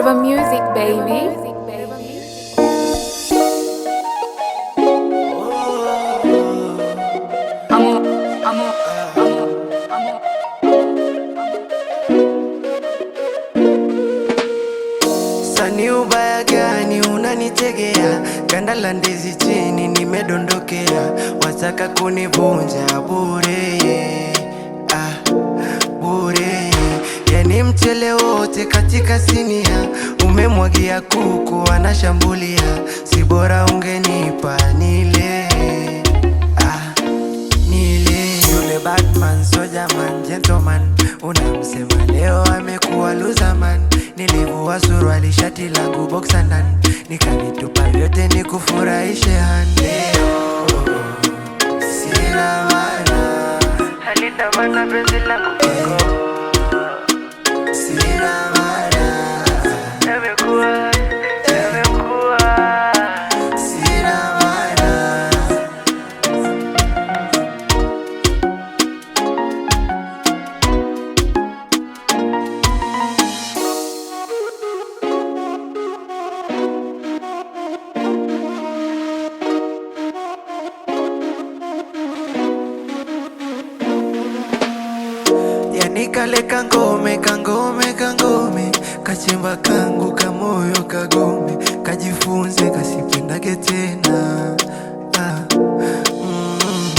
Forever music, baby. Sani ubaya unanitegea? Ganda la ndizi chini nimedondokea, wataka kunivunja bure, ah, bure ni mchele wote katika sinia, umemwagia kuku anashambulia, si bora ungenipa nile ah, Batman, soja man, gentleman, unamsema leo amekuwa loser man. Nilivua suruali, shati la boxer ndani, nikanitupa vyote nikufurahishe hani. Leo sina maana, halina maana penzi mirar kale kangome kangome kangome kachemba kangu kamoyo kagome kajifunze kasipendage tena ah. mm-hmm.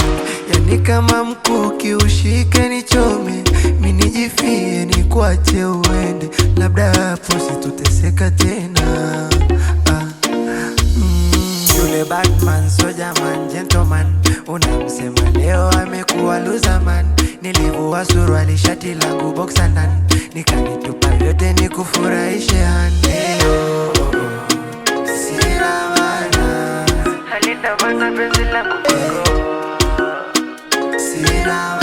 Yani kama mkuki ushike nichome minijifie nikwache uende, labda hapo situteseka tena ah. mm. Yule Batman soja man gentleman unamsema leo amekuwa luzaman kuvua suruali, shati langu boxer ndani, nikanitupa vyote nikufurahishe haneo sina sina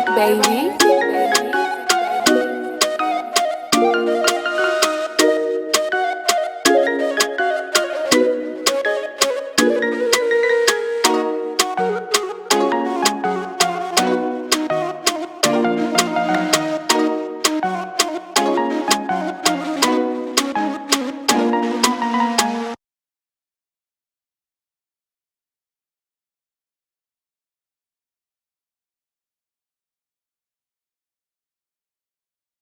baby.